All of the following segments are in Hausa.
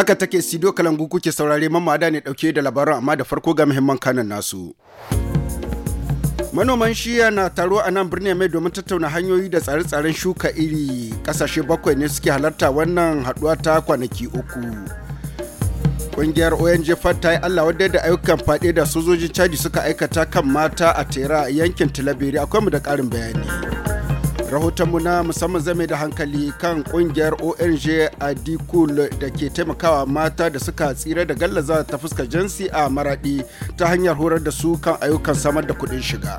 Haka take Sido Kalangu kuke saurare mamada ne dauke da labaran amma da farko ga muhimman kanan nasu. Manoman shiya na taro a nan birnin mai domin tattauna hanyoyi da tsare-tsaren shuka iri kasashe bakwai ne suke halarta wannan haduwa ta kwanaki uku. Kungiyar ONG Fatai ta yi Allah wadda da ayyukan fade da sojojin caji suka aikata kan mata a tera yankin Tilabiri akwai mu da karin bayani. rahotonmu na musamman zame da hankali kan kungiyar ong a dikul da ke taimakawa mata da suka tsira da gallaza ta fuskar jinsi a maradi ta hanyar horar da su kan ayyukan samar da kuɗin shiga.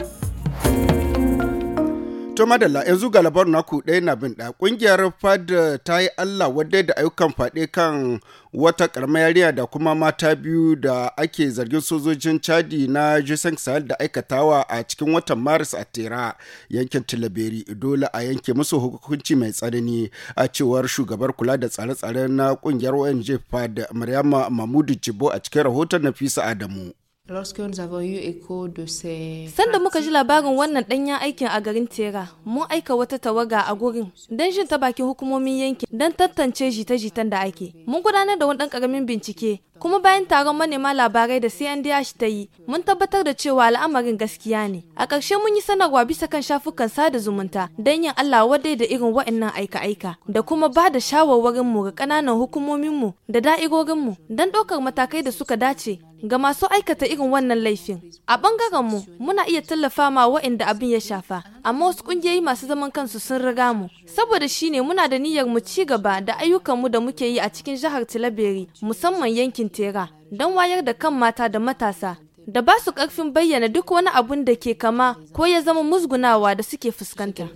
To madalla yanzu ga labarin naku ɗaya na bin ɗaya ƙungiyar FAD ta yi Allah wadda da ayyukan faɗe kan wata yariya da kuma mata biyu da ake zargin sojojin Chadi na Jisan Sahel da aikatawa a cikin watan Maris a Tera yankin Tilaberi dole a yanke musu hukunci mai tsanani a cewar shugabar kula da tsare-tsare na ƙungiyar ONG FAD Maryama mamudu Jibo a cikin rahoton Nafisa Adamu. Sanda muka ji labarin wannan ɗanyen aikin a garin Tera, mun aika wata tawaga a gurin don shin ta bakin hukumomin yankin don tantance jita-jitan da ake. Mun gudanar da wani ƙaramin bincike, kuma bayan taron manema labarai da CNDH ta yi, mun tabbatar da cewa al'amarin gaskiya ne. A ƙarshe mun yi sanarwa bisa kan shafukan sada zumunta don yin Allah wadai da irin waɗannan aika-aika da kuma ba da shawarwarinmu ga ƙananan hukumominmu da da'irorinmu don ɗaukar matakai da suka dace ga masu aikata irin wannan laifin. A bangaren mu muna iya tallafa ma waɗanda abin ya shafa, amma wasu ƙungiyoyi masu zaman kansu sun riga mu. Saboda shi ne muna da niyyar mu ci gaba da mu da muke yi a cikin jihar Tilaberi musamman yankin Tera don wayar da kan mata da matasa da ba su ƙarfin bayyana duk wani abun da ke kama ko ya zama musgunawa da suke fuskanta.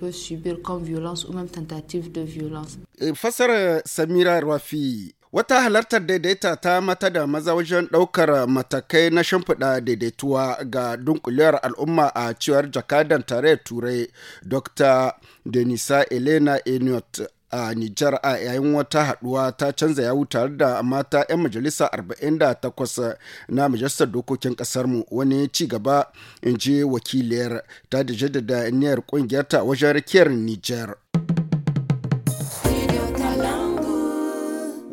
Eh, fassara Samira Rafi Wata halartar daidaita ta mata da maza wajen ɗaukar matakai na shimfiɗa daidaituwa ga dunkuliyar al'umma a cewar jakadan tare turai Dr. Denisa Elena Eniot a Nijar a yayin wata haɗuwa ta canza yawu tare da mata 'yan majalisa 48 na majalisar dokokin kasarmu wani ci gaba in je wakiliyar ta da jaddada niyyar kungiyarta wajen rikiyar Nijar.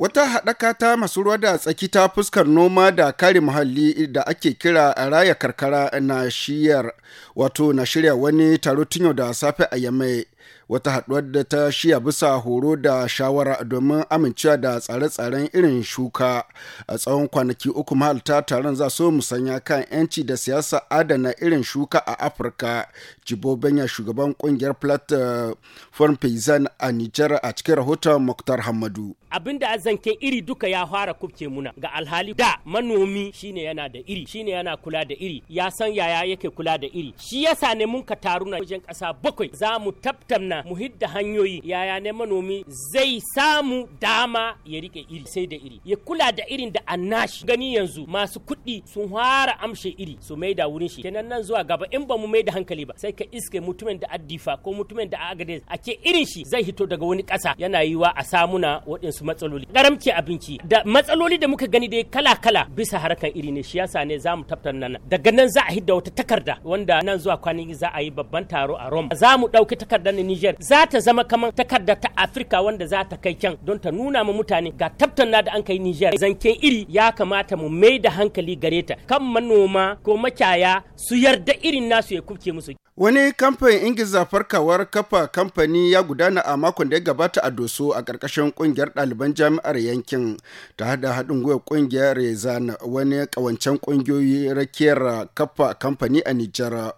Wata haɗaka ta masu ruwa da tsaki ta fuskar noma da kare muhalli da ake kira a raya karkara na shiyar wato na shirya wani taro tun yau da safe a Yamai wata haɗuwar da ta shiya bisa horo da shawara domin amincewa da tsare-tsaren irin shuka a tsawon kwanaki uku mahalta taron za su musanya kan 'yanci da siyasa adana irin shuka a afirka jibo benya shugaban kungiyar platform eh, paysan a nijar a cikin rahoton muktar hamadu abin da azanken iri duka ya fara kubce muna ga alhali da manomi shine yana da iri shine yana kula da iri ya san yaya yake kula da iri shi yasa ne mun ka taruna wajen kasa bakwai za mu tabta na mu hidda hanyoyi yaya ne manomi zai samu dama ya rike iri sai da iri ya kula da irin da annashi gani yanzu masu kuɗi sun fara amshe iri su mai da wurin shi kenan nan zuwa gaba in ba mu mai da hankali ba sai ka iske mutumin da addifa ko mutumin da a ake irin shi zai hito daga wani ƙasa yana yiwa a samuna waɗansu matsaloli karamci abinci da matsaloli da muka gani dai kala kala bisa harkan iri ne shi yasa ne zamu tattauna nan daga nan za a hidda wata takarda wanda nan zuwa kwanan za a yi babban taro a Rome za mu ɗauki takardar ne da Niger za ta zama kamar takarda ta Afirka wanda za ta kai can don ta nuna ma mutane ga tabtanna da an kai Niger zanken iri ya kamata mu mai da hankali gare ta kan manoma ko makyaya su yarda irin nasu ya kuke musu Wani kamfanin Ingiza farkawar kafa kamfani ya gudana a makon da ya gabata a Doso a ƙarƙashin ƙungiyar ɗaliban jami'ar yankin ta hada haɗin gwiwar ƙungiyar Rezan wani ƙawancen ƙungiyoyi rakiyar kafa kamfani a Nijar.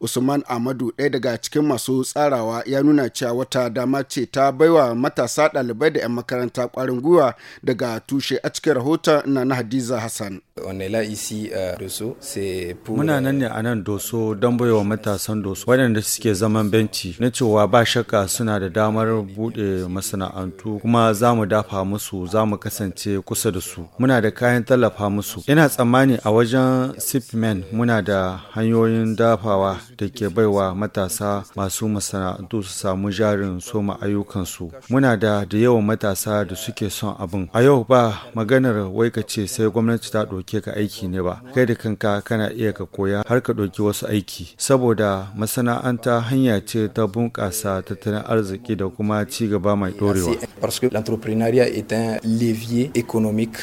Usman Amadu ɗaya daga cikin masu tsarawa ya nuna cewa wata dama ce ta baiwa matasa ɗalibai da 'yan makaranta kwarin gwiwa daga tushe a cikin rahoton na na Hadiza Hassan. Muna euh, nan ne a nan doso don baiwa matasan doso waɗanda suke zaman benci na cewa ba shakka suna da damar buɗe masana'antu kuma za mu dafa musu za mu kasance kusa da su. Muna da kayan tallafa musu. Ina tsammani a wajen Sipmen muna da hanyoyin dafawa da ke baiwa matasa masu masana'antu su samu jarin soma ayyukansu muna da da yawan matasa da suke son abin a yau ba maganar wai ka ce sai gwamnati ta ɗauke ka aiki ne ba kai da kanka kana iya ka koya har ka ɗauki wasu aiki saboda masana'anta hanya ce ta bunƙasa tattalin arziki da kuma ci gaba mai ɗorewa parce que l'entrepreneuriat est un levier économique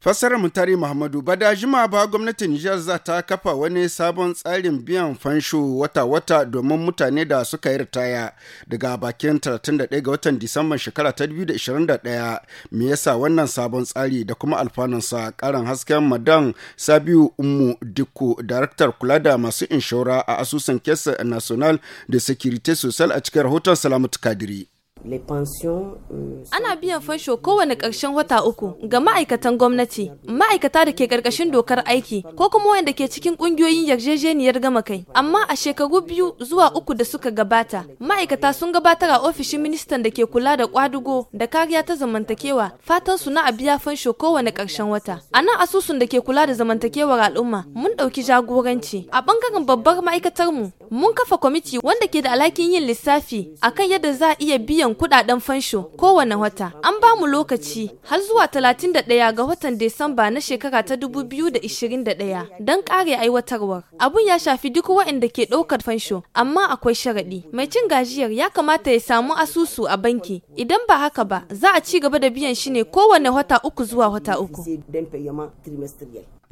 fassarar muhammadu badajima ba gwamnatin nijar za ta kafa wani sabon tsarin biyan fansho wata wata domin mutane da suka yi ritaya daga bakin 31 ga watan Disamban shekara ta 2021 me yasa wannan sabon tsari da kuma alfanunsa karin hasken madan Sabiu umu duku daraktar kula da masu inshora a asusun Kesa National da Security Social a cikin rahoton Salamatu Kadiri. Euh, Ana biyan fansho kowane ƙarshen wata uku ga ma'aikatan gwamnati, ma'aikata da ke ƙarƙashin dokar aiki ko kuma wanda ke cikin ƙungiyoyin yarjejeniyar gama kai. Amma a shekaru biyu zuwa uku da suka gabata, ma'aikata sun gabatar a ofishin ministan da ke kula da ƙwadugo da kariya ta zamantakewa fatan su na a biya fansho kowane ƙarshen wata. A nan asusun da ke kula da zamantakewar al'umma mun ɗauki jagoranci. A ɓangaren babbar ma'aikatar mu mun kafa kwamiti wanda ke da alhakin yin lissafi akan yadda za a iya biyan biyan kudaden fansho kowane wata. An ba mu lokaci har zuwa 31 ga watan Desamba na shekara ta 2021 don kare aiwatarwar. Abun ya shafi duk waɗanda ke ɗaukar fansho, amma akwai sharaɗi. Mai cin gajiyar ya kamata ya samu asusu a banki. Idan ba haka ba, za a ci gaba da biyan shi ne kowane wata uku zuwa wata uku.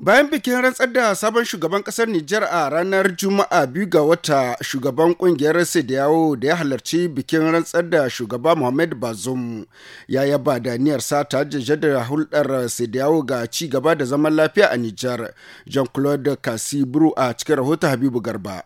Bayan bikin rantsar da sabon shugaban kasar Nijar a ranar Juma'a biyu ga wata shugaban kungiyar yawo da ya halarci bikin rantsar da shugaban shugaba Mohamed Bazoum ya yaba da niyyar sata jaddada hulɗar yawo ga ci gaba da zaman lafiya a Nijar. Jean-Claude Kasibru a cikin rahoton Habibu Garba.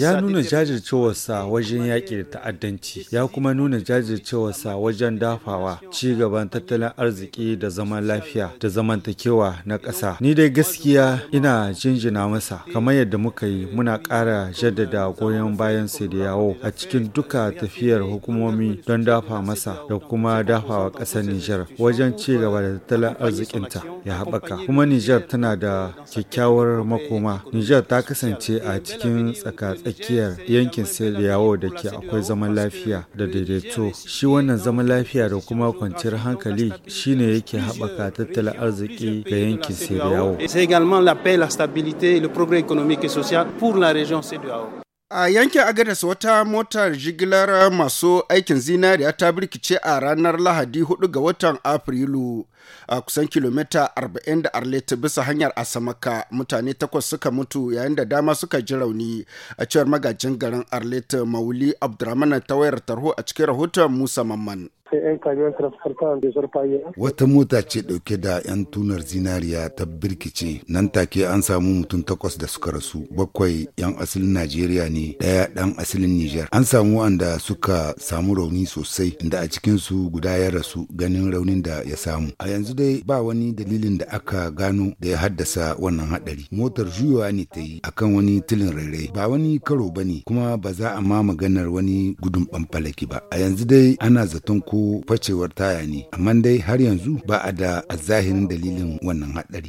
ya nuna jajircewarsa wajen yaƙi da ta'addanci ya kuma nuna jajircewarsa wajen dafawa ci gaban tattalin arziki da zaman lafiya da zamantakewa na ƙasa ni dai gaskiya ina jinjina masa kamar yadda muka yi muna ƙara jaddada goyon bayan sai da yawo a cikin duka tafiyar hukumomi don dafa masa da kuma dafawa ƙasar nijar wajen ci gaba da tattalin arzikinta ya haɓaka kuma nijar tana da kyakkyawar makoma nijar ta kasance kasance a cikin tsakatsakiyar yankin siriyawo da ke akwai zaman lafiya da daidaito shi wannan zaman lafiya da kuma kwanciyar hankali shine yake haɓaka tattalin arziki ga yankin siriyawo A yankin Agadas wata motar jigilar masu aikin zinariya ta birkice a ranar Lahadi 4 ga watan Afrilu a kusan kilomita 40 da Arleta bisa hanyar Asamaka mutane takwas suka mutu yayin da dama suka ji rauni a cewar magajin garin Arleta Mauli Abdurrahman tawayar tarho a cikin rahoton Musa Mamman. Wata mota ce dauke da 'yan tunar zinariya ta birkice nan take an samu mutum takwas da suka rasu bakwai 'yan asalin Najeriya ne daya dan asalin Nijar. An samu wanda suka samu rauni sosai inda a cikinsu guda ya rasu ganin raunin da ya samu. A yanzu dai ba wani dalilin da aka gano da ya haddasa wannan hadari. Motar juyowa ne ta yi akan wani tilin rairai ba wani karo ba ne kuma ba za a ma maganar wani gudun ɓanfalaki ba. A yanzu dai ana zaton ko ko facewar taya ne amma dai har yanzu ba a da zahirin dalilin wannan haɗari.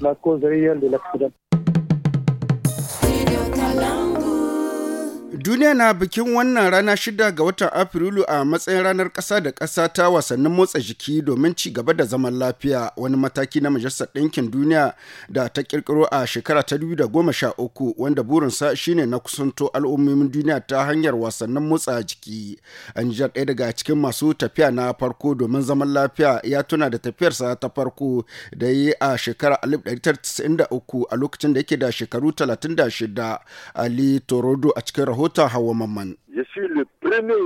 Duniya na bikin wannan rana shida ga watan Afrilu a matsayin ranar ƙasa da ƙasa ta wasannin motsa jiki domin ci gaba da zaman lafiya wani mataki na Majalisar Ɗinkin Duniya da ta ƙirƙiro a shekara ta 2013 wanda burinsa shine na kusanto al'ummomin duniya ta hanyar wasannin motsa jiki. An ji ɗaya daga cikin masu tafiya na farko domin zaman lafiya ya tuna da tafiyarsa ta farko da yi a shekara 1993 a lokacin da yake da shekaru 36 Ali Torodo a cikin rahoton hotar hawa mamman. Je suis le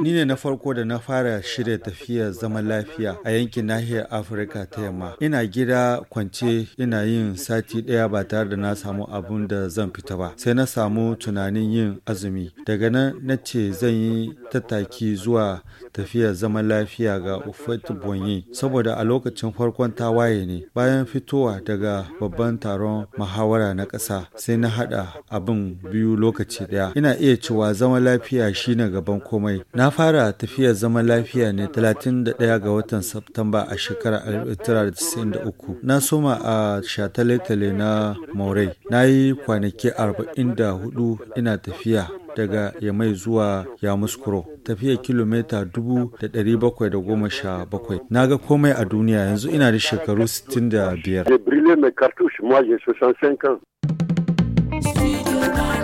Ni ne na farko da na fara shirya tafiya zaman lafiya a yankin nahiyar Afirka ta yamma. Ina gida kwance ina yin sati ɗaya ba tare da na samu abun da zan fita ba. Sai na samu tunanin yin azumi. Daga nan na ce zan yi tattaki zuwa tafiya zaman lafiya ga Ufet Bonyi saboda a lokacin farkon tawaye ne. Bayan fitowa daga babban taron muhawara na ƙasa sai na haɗa abin biyu lokaci ɗaya. Ina iya cewa zaman lafiya shine gaban komai Mai. Na fara tafiyar zaman lafiya ne 31 ga watan Satumba a shekarar 1993. Na soma a shataletale na Maurai. Na yi kwanaki 44 ina tafiya daga Yamai zuwa Yamuskuro. Tafiya kilomita 717. Na ga komai a duniya yanzu ina da shekaru 65.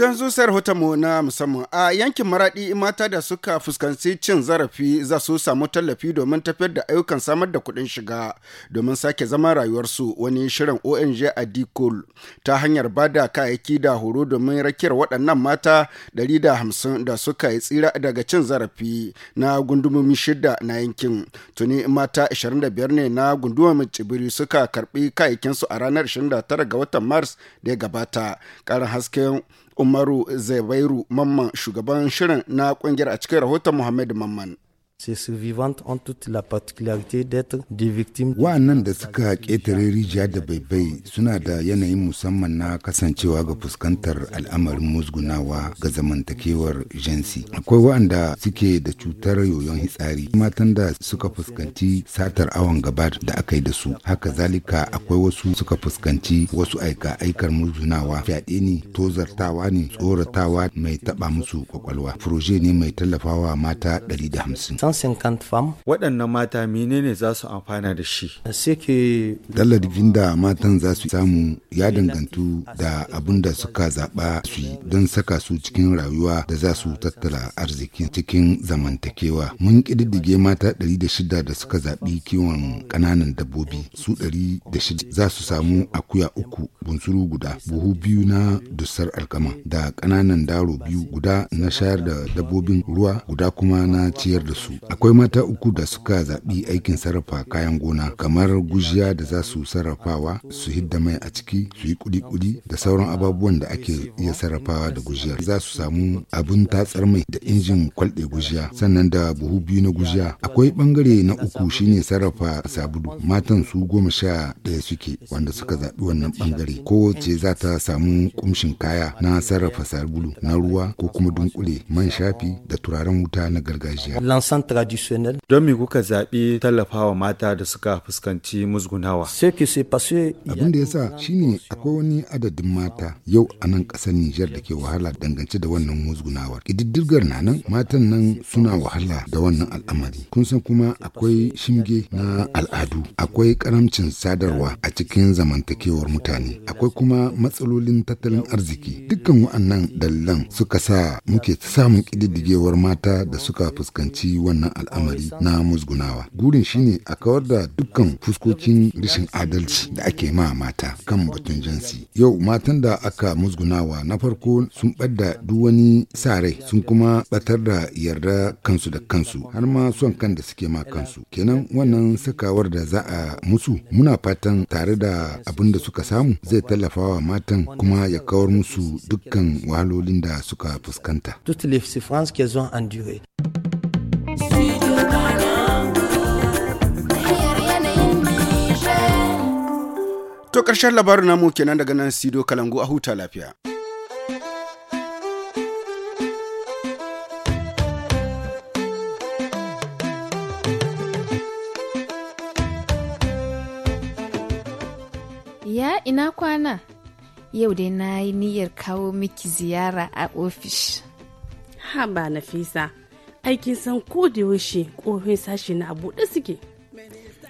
zuciyar zusar mu na musamman a yankin maraɗi mata da suka fuskanci cin zarafi za su samu tallafi domin tafiyar da ayyukan samar da kuɗin shiga domin sake zama rayuwarsu wani shirin ONG a Dikul ta hanyar bada kayayyaki da horo domin rakiyar waɗannan mata 150 da suka yi tsira daga cin zarafi na gundumomi shida na yankin. Tuni mata 25 ne na gundumomin tsibiri suka karɓi kayayyakinsu a ranar 29 ga watan Mars da ya gabata. Ƙarin hasken Umaru Zubairu Mamman shugaban shirin na kungiyar a cikin rahoton Muhammadu Mamman. nan da suka ƙetare rijiya da baibai suna da yanayin musamman na kasancewa ga fuskantar al'amarin musgunawa ga zamantakewar jinsi. Akwai wa'anda suke da cutar yoyon hitsari, matan da suka fuskanci satar awon gaba da aka yi da su. Haka zalika akwai wasu suka fuskanci wasu aika aikar musgunawa, fyaɗe ne, tozartawa ne, tsoratawa mai taɓa musu kwakwalwa. Furoje ne mai tallafawa mata 150. Waɗannan mata menene za su amfana da shi? Tallafin da matan za su samu ya dangantu da abin da suka zaɓa su yi don saka su cikin rayuwa da za su tattala arziki cikin zamantakewa. Mun ƙididdige mata 600 da suka zaɓi kiwon ƙananan dabbobi su 600 za su samu akuya uku bunsuru guda buhu biyu na dusar alkama da ƙananan daro biyu guda na shayar da dabbobin ruwa guda kuma na ciyar da su akwai mata uku da suka zaɓi aikin sarrafa kayan gona kamar gujiya da za su sarrafawa su hidda mai a ciki su yi kudi-kudi da sauran ababuwan da ake iya sarrafawa da gujiyar za su samu abin tatsar mai da injin kwalɗe gujiya sannan da buhu biyu na gujiya akwai ɓangare na uku shine sarrafa sabulu matan su goma sha ɗaya suke wanda suka zaɓi wannan bangare ce za ta samu kumshin kaya na sarrafa sabulu na ruwa ko kuma dunkule man shafi da turaren wuta na gargajiya traditionnel. Don me kuka zaɓi tallafawa mata da suka fuskanci musgunawa? Abin da ya sa shi shine akwai wani adadin mata yau a nan ƙasar Nijar da ke wahala dangance da wannan musgunawar. Ƙididdigar na nan matan nan suna wahala da wannan al'amari. Kun san kuma akwai shinge na al'adu, akwai karamcin sadarwa a cikin zamantakewar mutane, akwai kuma matsalolin tattalin arziki. Dukkan wa'annan dalilan suka sa muke samun ƙididdigewar mata da suka fuskanci wannan wannan al'amari na musgunawa gurin shine a kawar da dukkan fuskokin rashin adalci da ake ma mata kan batun jinsi yau matan da aka musgunawa na farko sun ɓadda duk wani sa rai sun kuma ɓatar da yarda kansu da kansu har ma son kan da suke ma kansu kenan wannan sakawar da za a musu muna fatan tare da abin da suka samu zai tallafa wa matan kuma ya kawar musu dukkan wahalolin da suka fuskanta. To ƙarshen labarin namu kenan daga nan Sido Kalangu a huta lafiya. Ya ina kwana? Yau dai na yi niyyar kawo miki ziyara a ofish. Haba Nafisa, aikin san ko da ƙofin sashi na a buɗe suke.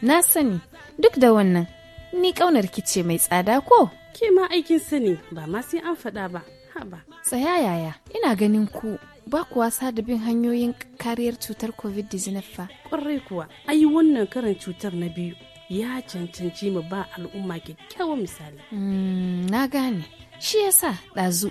Na sani, duk da wannan ni kaunar kice mai tsada ko? Ke ma aikin sani ba ma sai an faɗa ba, haba. Tsaya yaya, ina ganin ku ba kuwa da bin hanyoyin kariyar cutar covid-19 fa. Ƙwarai kuwa, ayi wannan karin cutar na biyu ya cancanci mu ba al'umma kyakkyawan misali. Hmm, na gane, shi yasa ɗazu